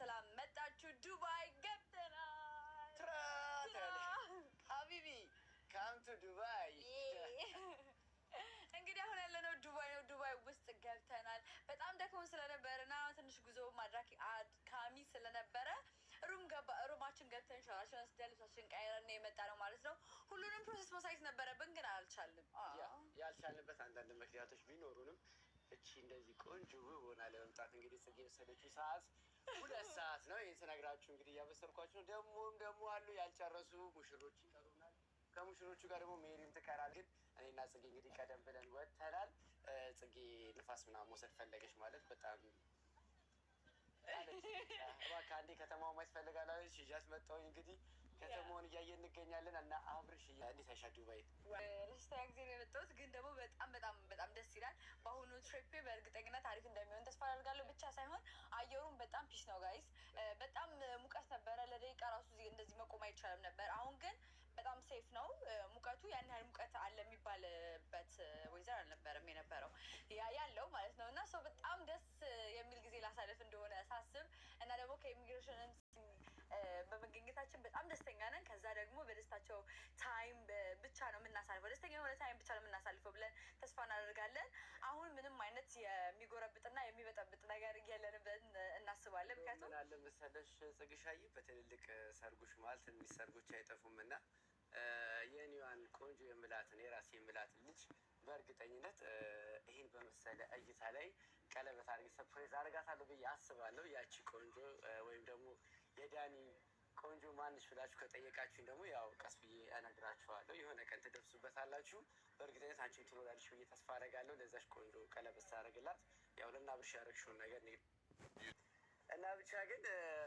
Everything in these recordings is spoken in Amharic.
በሰላም መጣችሁ። ዱባይ ገብተናል። ትራተል ሀቢቢ ካምቱ ዱባይ እንግዲህ አሁን ያለነው ዱባይ ነው። ዱባይ ውስጥ ገብተናል። በጣም ደክሞ ስለነበረና ትንሽ ጉዞ ማድራክ አድካሚ ስለነበረ ሩም ገባ ሩማችን ገብተን ሻራችን ስደ ልብሳችን ቀይረን የመጣ ነው ማለት ነው። ሁሉንም ፕሮሰስ ማሳየት ነበረብን ግን አልቻልንም። ያልቻልንበት አንዳንድ ምክንያቶች ቢኖሩንም እቺ እንደዚህ ቆንጆ ሆና ለመምጣት እንግዲህ ጽጌ የወሰደችው ሰዓት ሁለት ሰዓት ነው። ይህን ስነግራችሁ እንግዲህ እያበሰርኳችሁ ነው። ደግሞም ደግሞ አሉ ያልጨረሱ ሙሽሮች ይቀሩናል። ከሙሽሮቹ ጋር ደግሞ ሜሪም ትቀራል። ግን እኔና ጽጌ እንግዲህ ቀደም ብለን ወተላል። ጽጌ ንፋስ ምናምን መውሰድ ፈለገች ማለት በጣም ከአንዴ ከተማው ማይስፈልጋል አለች። ይዣት መጣሁኝ እንግዲህ ከተማውን እያየ እንገኛለን እና አብርሽ እንዴት አይሻ ዱባይ ለሶስተኛ ጊዜ ነው የመጣሁት፣ ግን ደግሞ በጣም በጣም በጣም ደስ ይላል። በአሁኑ ትሪፕ በእርግጠኝነት አሪፍ እንደሚሆን ተስፋ አደርጋለሁ። ብቻ ሳይሆን አየሩም በጣም ፒስ ነው ጋይስ። በጣም ሙቀት ነበረ፣ ለደቂቃ ራሱ እንደዚህ መቆም አይቻልም ነበር። አሁን ግን በጣም ሴፍ ነው ሙቀቱ። ያን ያህል ሙቀት አለ የሚባልበት ወይዘር አልነበረም የነበረው ያለው ማለት ነው እና ሰው በጣም ደስ የሚል ጊዜ ላሳለፍ እንደሆነ ሳስብ እና ደግሞ ከኢሚግሬሽን በመገኘታችን በጣም ደስተኛ ነን። ከዛ ደግሞ በደስታቸው ታይም ብቻ ነው የምናሳልፈው፣ ደስተኛ የሆነ ታይም ብቻ ነው የምናሳልፈው ብለን ተስፋ እናደርጋለን። አሁን ምንም አይነት የሚጎረብጥና የሚበጠብጥ ነገር የለንም እናስባለን። ምክንያቱም ላለ መሰለሽ ጽግሻይ በትልልቅ ሰርጎች ማለት ትንሽ ሰርጎች አይጠፉም እና የኒዋን ቆንጆ የምላትን የራሴ የምላትን ልጅ በእርግጠኝነት ይህን በመሰለ እይታ ላይ ቀለበት አድርጌ ሰርፕሬዝ አደርጋታለሁ ብዬ አስባለሁ። ያቺ ቆንጆ ወይም ደግሞ የዳኒ ቆንጆ ማንሽ ብላችሁ ከጠየቃችሁኝ ደግሞ ያው ቀስ ብዬ እነግራችኋለሁ። የሆነ ቀን ትደርሱበታላችሁ። በእርግጠኝነት አንቺ ትኖራልሽ ብዬ ተስፋ አደርጋለሁ። ለዛች ቆንጆ ቀለበት ሳደርግላት ያው ልና ብርሽ ያደረግሽውን ነገር ነ እና ብቻ ግን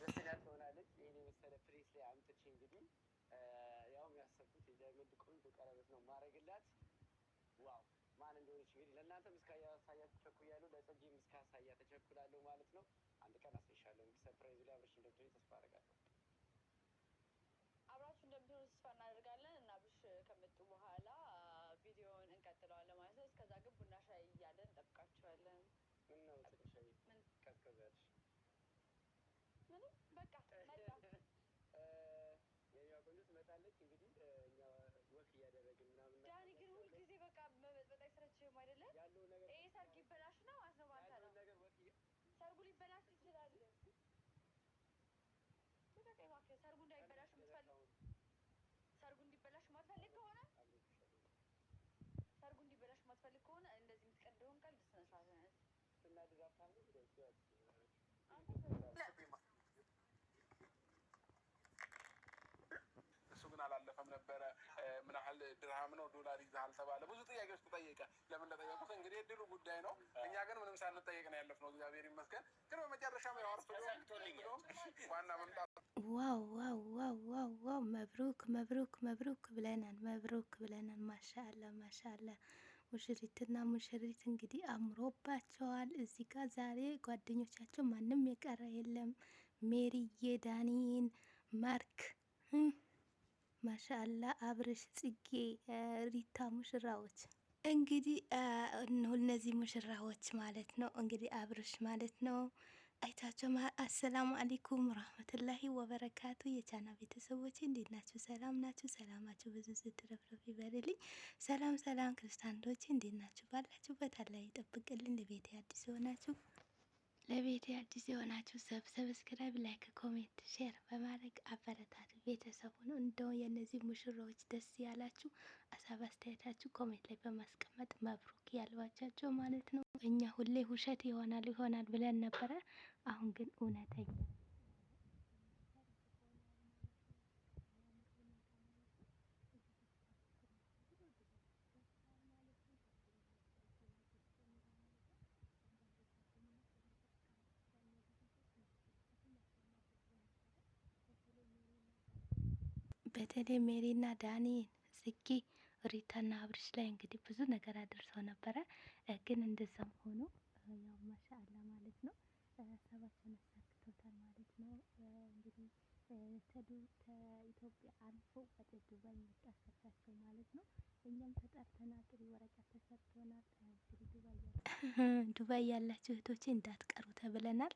ደስተኛ ትሆናለች። ይህን የመሰለ ፕሬስ ላይ አምጥቼ እንግዲህ ያው ያሰብኩት የዳይመንድ ቆንጆ ቀለበት ነው ማድረግላት። ዋው ማን እንደሆነች እንግዲህ ለእናንተ ምስካ ያሳያ ተቸኩያለሁ፣ ለጸጌ ምስካ ያሳያ ተቸኩላለሁ ማለት ነው። አንድ ቀን አስ ሰርፕራይዙ ላይ አብረሽ እንደምትሆኝ ተስፋ አደርጋለሁ። አብራችሁ እንደምትሆኑ ተስፋ እናደርጋለን እና አብርሽ ከመጡ በኋላ ቪዲዮውን እንቀጥለዋለን ማለት ነው። እስከዛ ግን ቡና ሻይ እያለን እንጠብቃችኋለን። ምነው ሻይ ቀዝቀዛች? ምንም በቃ የኛ ቆንጆ ትመጣለች። እንግዲህ እኛ ወክ እያደረግን ምናምን ዳኒ ግን ሁልጊዜ በቃ መበጥበጥ አይሰለችም አይደለም? ይሄ ሰርግ ይበላሽ ነው ማለት ነው ሰርጉ ሊበላሽ ሰርጉ እንዳይበላሽ የምትፈልግ ሰርጉ እንዲበላሽ የማትፈልግ ከሆነ ሰርጉ እንዲበላሽ የማትፈልግ ከሆነ እንደዚህ ቀልድ ስነ ስርዓት እሱ ግን አላለፈም ነበረ ምን ያህል ድርሃም ነው ዶላር ይዛሃል ተባለ። ብዙ ጥያቄዎች ተጠየቀ። ለምን ለጠየቁት እንግዲህ እድሉ ጉዳይ ነው። እኛ ግን ምንም ሳንጠየቅ ነው ያለፍነው። እግዚአብሔር ይመስገን። ግን በመጨረሻ ዋና መምጣት ዋው ዋው ዋው ዋው ዋው! መብሩክ መብሩክ መብሩክ ብለናል፣ መብሩክ ብለናል። ማሻአላ ማሻአላ። ሙሽሪትና ሙሽሪት እንግዲህ አምሮባቸዋል። እዚህ ጋር ዛሬ ጓደኞቻቸው ማንም የቀረ የለም። ሜሪዬ፣ ዳኒን፣ ማርክ ማሻላ አብርሽ፣ ጽጌ፣ ሪታ ሙሽራዎች እንግዲህ እነዚህ ሙሽራዎች ማለት ነው። እንግዲህ አብርሽ ማለት ነው። አይታቸው አሰላሙ አሌይኩም ረህመቱላሂ ወበረካቱ። የቻና ቤተሰቦች እንዴት ናችሁ? ሰላም ናችሁ? ሰላማቸው ብዙ ስትረፍረፍ ይበልልኝ። ሰላም ሰላም ክርስቲያኖች እንዴት ናቸው? ባላችሁበት አላህ ይጠብቅልን። ለቤት አዲስ የሆናችሁ ለቤት አዲስ የሆናችሁ ሰብስክራይብ፣ ላይክ፣ ኮሜንት፣ ሼር በማድረግ አበረታት ቤተሰብ ሆኖ እንደው የነዚህ ሙሽራዎች ደስ ያላችሁ አሳብ አስተያየታችሁ ኮሜንት ላይ በማስቀመጥ መብሩክ ያልዋቻቸው ማለት ነው። እኛ ሁሌ ውሸት ይሆናል ይሆናል ብለን ነበረ። አሁን ግን እውነተኛ በተለይ ሜሪና ዳኒ ጽጌ ሪታና አብርሽ ላይ እንግዲህ ብዙ ነገር አድርሰው ነበረ። ግን እንደዛም ሆኖ ያው ማሻአላ ማለት ነው ሰባቱን አሳክቶታል ማለት ነው። እንግዲህ ከኢትዮጵያ አልፎ ወደ ዱባይ የሚጠሰሳቸው ማለት ነው። እኛም ተጠርተናል፣ ጥሩ ወረቀት ተሰርቶናል። ዱባይ ያላችሁ እህቶቼ እንዳትቀሩ ተብለናል።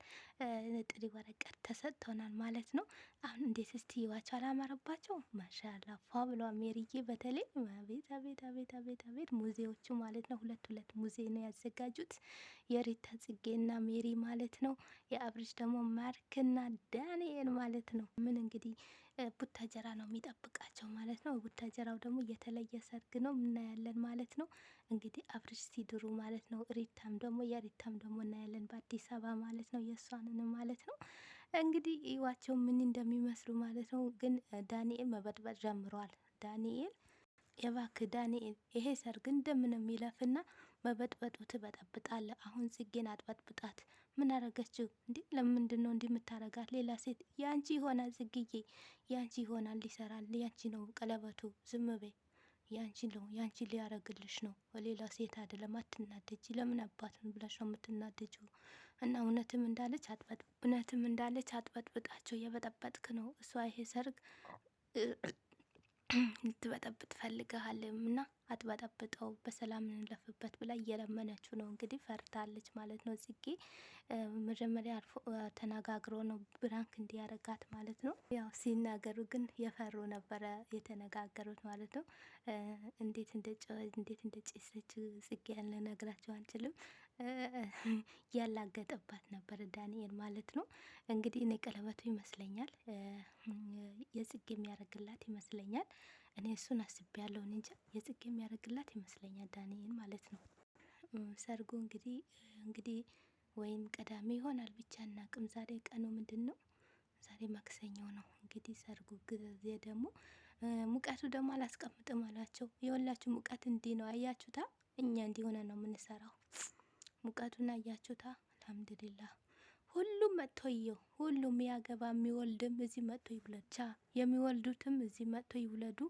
ጥሪ ወረቀት ተሰጥቶናል ማለት ነው። አሁን እንዴት እስቲ ይዋቸው አላማረባቸው? ማሻላ ፏ ብሏ ሜሪዬ በተለይ አቤት አቤት አቤት አቤት አቤት ሙዚዎቹ ማለት ነው። ሁለት ሁለት ሙዜ ነው ያዘጋጁት የሪታ ጽጌና ሜሪ ማለት ነው። የአብርሽ ደግሞ ማርክና ዳንኤል ማለት ነው። ምን እንግዲህ ቡታጀራ ነው የሚጠብቃቸው ማለት ነው። ቡታጀራው ደግሞ የተለየ ሰርግ ነው እናያለን ማለት ነው። እንግዲህ አብርሽ ሲድሩ ማለት ነው። ሪታም ደግሞ የሪታም ደግሞ እናያለን በአዲስ አበባ ማለት ነው። የእሷንን ማለት ነው። እንግዲህ እዩዋቸው ምን እንደሚመስሉ ማለት ነው። ግን ዳንኤል መበጥበጥ ጀምሯል። ዳንኤል የባክ ዳንኤል ይሄ ሰርግ እንደምንም ይለፍና መበጥበጡ ትበጠብጣለ። አሁን ጽጌን አጥበጥብጣት ምን አረገችው እንዴ? ለምንድን ነው እንዲህ የምታረጋት? ሌላ ሴት ያንቺ ይሆናል ጽግዬ፣ ያንቺ ይሆናል ሊሰራል፣ ያንቺ ነው ቀለበቱ። ዝም በይ፣ ያንቺ ነው ያንቺ ሊያረግልሽ ነው፣ ሌላ ሴት አይደለም። አትናደጂ። ለምን አባት ብለሽ ነው የምትናደጂው? እና እውነትም እንዳለች አጥበጥ እውነትም እንዳለች አጥበጥብጣቸው እየበጠበጥክ ነው እሷ ይሄ ሰርግ ልትበጠብጥ ፈልገሃልም እና አትበጠብጠው፣ በሰላም እንለፍበት ብላ እየለመነችው ነው። እንግዲህ ፈርታለች ማለት ነው። ጽጌ መጀመሪያ አልፎ ተነጋግሮ ነው ብራንክ እንዲያረጋት ማለት ነው። ያው ሲናገሩ ግን የፈሩ ነበረ የተነጋገሩት ማለት ነው። እንዴት እንደ ጨ እንዴት እንደ ጽጌ ያለ ነግራቸው አንችልም። ያላገጠባት ነበር ዳንኤል ማለት ነው። እንግዲህ እኔ ቀለበቱ ይመስለኛል የጽጌ የሚያደርግላት ይመስለኛል። እኔ እሱን አስቤያለሁ እንጂ የጽጌ የሚያደርግላት ይመስለኛል ዳንኤል ማለት ነው። ሰርጉ እንግዲህ እንግዲህ ወይም ቀዳሚ ይሆናል ብቻ እናቅም። ዛሬ ቀኑ ምንድን ነው? ዛሬ ማክሰኞ ነው። እንግዲህ ሰርጉ ጊዜ ደግሞ ሙቀቱ ደግሞ አላስቀምጥም አላቸው። የሁላችሁ ሙቀት እንዲህ ነው አያችሁታ። እኛ እንዲሆነ ነው የምንሰራው። ሙቀቱን አያችሁታ። አልሐምዱሊላ ሁሉም መጥቶ ይየው። ሁሉም ያገባ የሚወልድም እዚህ መጥቶ ይውለድ። ቻ የሚወልዱትም እዚህ መጥቶ ይውለዱ።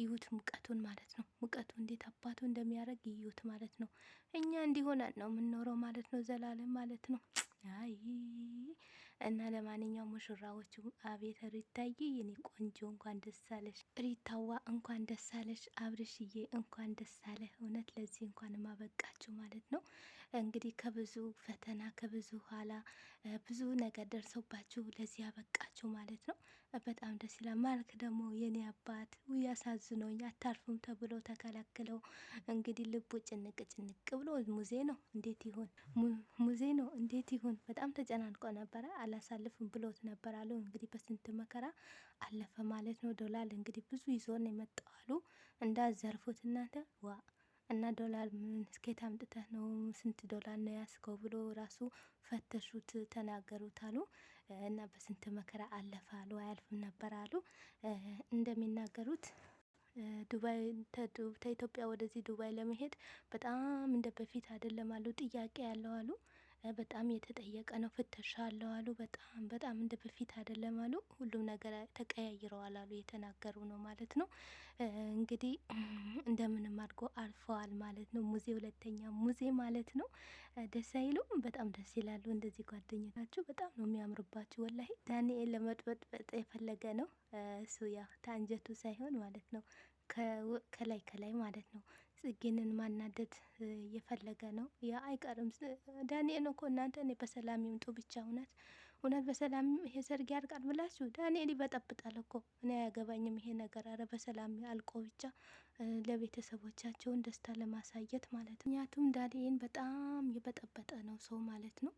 ይሁት ሙቀቱን ማለት ነው። ሙቀቱ እንዴት አባቱ እንደሚያደርግ እዩት ማለት ነው። እኛ እንዲሆናል ነው የምንኖረው ማለት ነው። ዘላለም ማለት ነው። አይ እና ለማንኛውም ሙሽራዎች አቤት ሪታዬ፣ የኔ ቆንጆ እንኳን ደስ አለሽ። ሪታዋ እንኳን ደስ አለሽ። አብርሽዬ እንኳን ደስ አለህ። እውነት ለዚህ እንኳን ማበቃችሁ ማለት ነው። እንግዲህ ከብዙ ፈተና ከብዙ ኋላ ብዙ ነገር ደርሶባችሁ ለዚህ ያበቃችሁ ማለት ነው። በጣም ደስ ይላል። ማርክ ደግሞ የኔ አባት ያሳዝኖኝ አታርፉም ተብሎ ተከለክለው እንግዲህ ልቡ ጭንቅ ጭንቅ ብሎ ሙዜ ነው እንዴት ይሁን ሙዜ ነው እንዴት ይሆን በጣም ተጨናንቆ ነበረ። አላሳልፍም ብሎት ነበር አሉ። እንግዲህ በስንት መከራ አለፈ ማለት ነው። ዶላል እንግዲህ ብዙ ይዞን የመጣዋሉ እንዳዘርፉት እናንተ ዋ እና ዶላር ምን እስኬት አምጥተህ ነው ስንት ዶላር ነው ያስከው ብሎ ራሱ ፈተሹት ተናገሩት አሉ እና በስንት መከራ አለፈ አሉ። አያልፍም ነበር አሉ እንደሚናገሩት ዱባይ ከኢትዮጵያ ወደዚህ ዱባይ ለመሄድ በጣም እንደ በፊት አይደለም አሉ። ጥያቄ ያለው አሉ በጣም የተጠየቀ ነው። ፍተሻ አለው አሉ። በጣም በጣም እንደ በፊት አይደለም አሉ። ሁሉም ነገር ተቀያይረዋል አሉ። የተናገሩ ነው ማለት ነው። እንግዲህ እንደምንም አድርጎ አልፈዋል ማለት ነው። ሙዜ ሁለተኛ ሙዜ ማለት ነው። ደስ አይሉም? በጣም ደስ ይላሉ። እንደዚህ ጓደኞቻችሁ በጣም ነው የሚያምርባችሁ። ወላሂ ዳንኤል ለመጥበጥበጥ የፈለገ ነው እሱ ያ ታንጀቱ ሳይሆን ማለት ነው ከላይ ከላይ ማለት ነው ጽጌንን ማናደድ እየፈለገ ነው። ያ አይቀርም። ዳንኤል እኮ እናንተ እኔ በሰላም ይምጡ ብቻ። እውነት እውነት በሰላም ይሄ ሰርግ ያልቃል ብላችሁ ዳንኤል ይበጠብጣል እኮ እኔ አያገባኝም ይሄ ነገር። አረ በሰላም አልቆ ብቻ ለቤተሰቦቻቸውን ደስታ ለማሳየት ማለት ነው። ምክንያቱም ዳንኤል በጣም የበጠበጠ ነው ሰው ማለት ነው።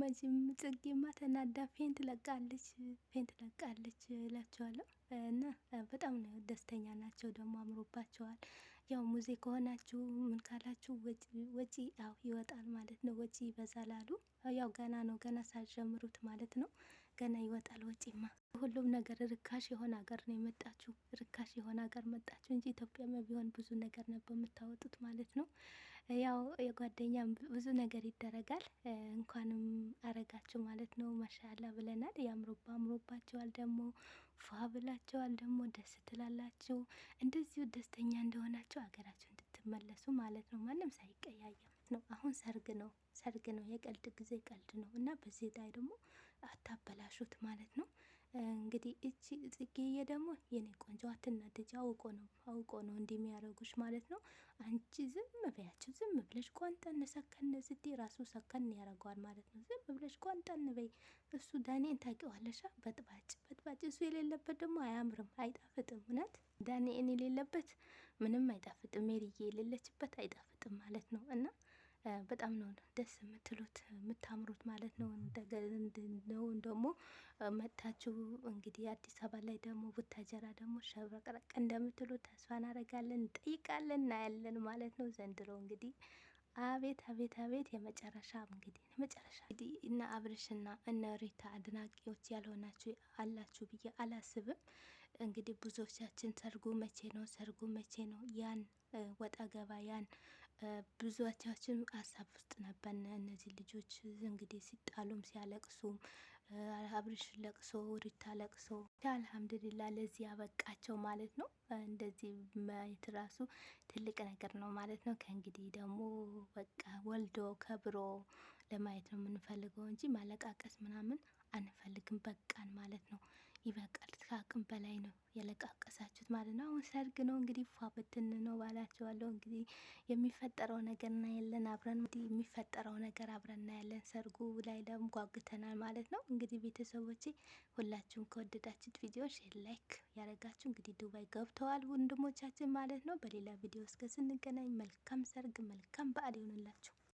መቼም ጽጌማ ተናዳ ፌንት ለቃለች ፌንት ለቃለች እላቸዋለሁ። እና በጣም ነው ደስተኛ ናቸው፣ ደግሞ አምሮባቸዋል። ያው ሙዜ ከሆናችሁ ምን ካላችሁ ወጪ ያው ይወጣል ማለት ነው። ወጪ ይበዛል አሉ። ያው ገና ነው ገና ሳትጀምሩት ማለት ነው። ገና ይወጣል ወጪማ። ሁሉም ነገር ርካሽ የሆነ ሀገር ነው የመጣችሁ፣ ርካሽ የሆነ ሀገር መጣችሁ እንጂ ኢትዮጵያ ቢሆን ብዙ ነገር ነበር የምታወጡት ማለት ነው። ያው የጓደኛ ብዙ ነገር ይደረጋል። እንኳንም አረጋችሁ ማለት ነው። ማሻላ ብለናል። ያምሮባ አምሮባችኋል፣ ደግሞ ፏ ብላችኋል፣ ደግሞ ደስ ትላላችሁ። እንደዚሁ ደስተኛ እንደሆናችሁ አገራችሁ እንድትመለሱ ማለት ነው። ማንም ሳይቀያየም ነው። አሁን ሰርግ ነው፣ ሰርግ ነው፣ የቀልድ ጊዜ ቀልድ ነው እና በዚህ ላይ ደግሞ አታበላሹት ማለት ነው። እንግዲህ እቺ ጽጌዬ ደግሞ የኔ ቆንጆ አትናደጅ፣ አውቆ ነው አውቆ ነው እንደሚያደርጉሽ ማለት ነው። አንቺ ዝም በያቸው፣ ዝም ብለሽ ቆንጠን ሰከን ስትይ ራሱ ሰከን ያደርገዋል ማለት ነው። ዝም ብለሽ ቆንጠን በይ። እሱ ዳኔን ታውቂዋለሽ፣ በጥባጭ በጥባጭ። እሱ የሌለበት ደግሞ አያምርም፣ አይጣፍጥም። እውነት ዳኔን የሌለበት ምንም አይጣፍጥም፣ ሜሪዬ የሌለችበት አይጣፍጥም ማለት ነው እና በጣም ነው ደስ የምትሉት የምታምሩት ማለት ነው። እንደገናውን ደግሞ መጥታችሁ እንግዲህ አዲስ አበባ ላይ ደግሞ ቡታጀራ ደግሞ ሸብረቅረቅ እንደምትሉ ተስፋ እናደርጋለን፣ እንጠይቃለን፣ እናያለን ማለት ነው። ዘንድሮ እንግዲህ አቤት አቤት አቤት የመጨረሻ እንግዲህ የመጨረሻ እንግዲህ እነ አብርሽና እነ ሪታ አድናቂዎች ያልሆናችሁ አላችሁ ብዬ አላስብም። እንግዲህ ብዙዎቻችን ሰርጉ መቼ ነው ሰርጉ መቼ ነው ያን ወጣ ገባ ያን ብዙዎቻችን ሀሳብ ውስጥ ነበርን። እነዚህ ልጆች እንግዲህ ሲጣሉም ሲያለቅሱም አብርሽ ለቅሶ ሩታ ለቅሶ አልሐምዱሊላ ለዚህ ያበቃቸው ማለት ነው። እንደዚህ ማየት ራሱ ትልቅ ነገር ነው ማለት ነው። ከእንግዲህ ደግሞ በቃ ወልዶ ከብሮ ለማየት ነው የምንፈልገው እንጂ ማለቃቀስ ምናምን አንፈልግም። በቃን ማለት ነው። ይበቃል። ከአቅም በላይ ነው የለቃቀሳችሁት ማለት ነው። አሁን ሰርግ ነው እንግዲህ ፏ ብትን ነው ባላችኋለሁ። እንግዲህ የሚፈጠረው ነገር እናያለን አብረን እንግዲህ የሚፈጠረው ነገር አብረን እናያለን። ሰርጉ ላይ ደግሞ ጓጉተናል ማለት ነው። እንግዲህ ቤተሰቦቼ ሁላችሁም ከወደዳችሁት ቪዲዮ ሼር፣ ላይክ ያደረጋችሁ እንግዲህ ዱባይ ገብተዋል ወንድሞቻችን ማለት ነው። በሌላ ቪዲዮ እስከ ስንገናኝ መልካም ሰርግ፣ መልካም በዓል ይሆንላችሁ።